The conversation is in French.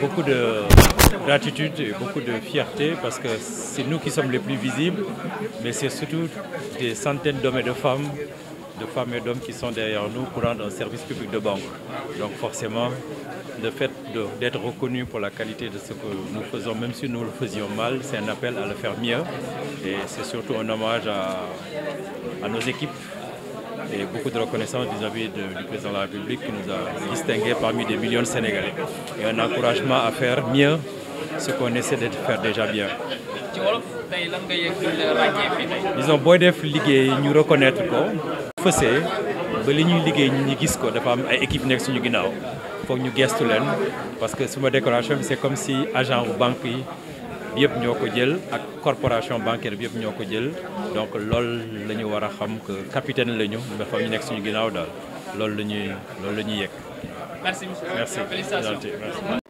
Beaucoup de gratitude et beaucoup de fierté parce que c'est nous qui sommes les plus visibles, mais c'est surtout des centaines d'hommes et de femmes, de femmes et d'hommes qui sont derrière nous pour rendre un service public de banque. Donc forcément, le fait d'être reconnu pour la qualité de ce que nous faisons, même si nous le faisions mal, c'est un appel à le faire mieux. Et c'est surtout un hommage à, à nos équipes et beaucoup de reconnaissance vis-à-vis du président de la République qui nous a distingués parmi des millions de Sénégalais. Et un encouragement à faire mieux ce qu'on essaie de faire déjà bien. disons ont def liggéey nous reconnaître ko. Faut ba li ñuy ligue ñu ñu gis ko dafa am ay équipe nekk suñu ginnaaw parce que suma décoration c'est comme si agent ou banquier yëpp ñoo ko jël ak corporation bancaire bi yëpp ñoo ko jël donc loolu la ñu war a xam que capitaine la ñu nga xam ñu nekk suñu ginnaaw daal loolu la ñuy loolu la ñuy yegg. merci monsieur merci.